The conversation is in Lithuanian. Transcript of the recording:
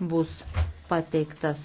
bus pateiktas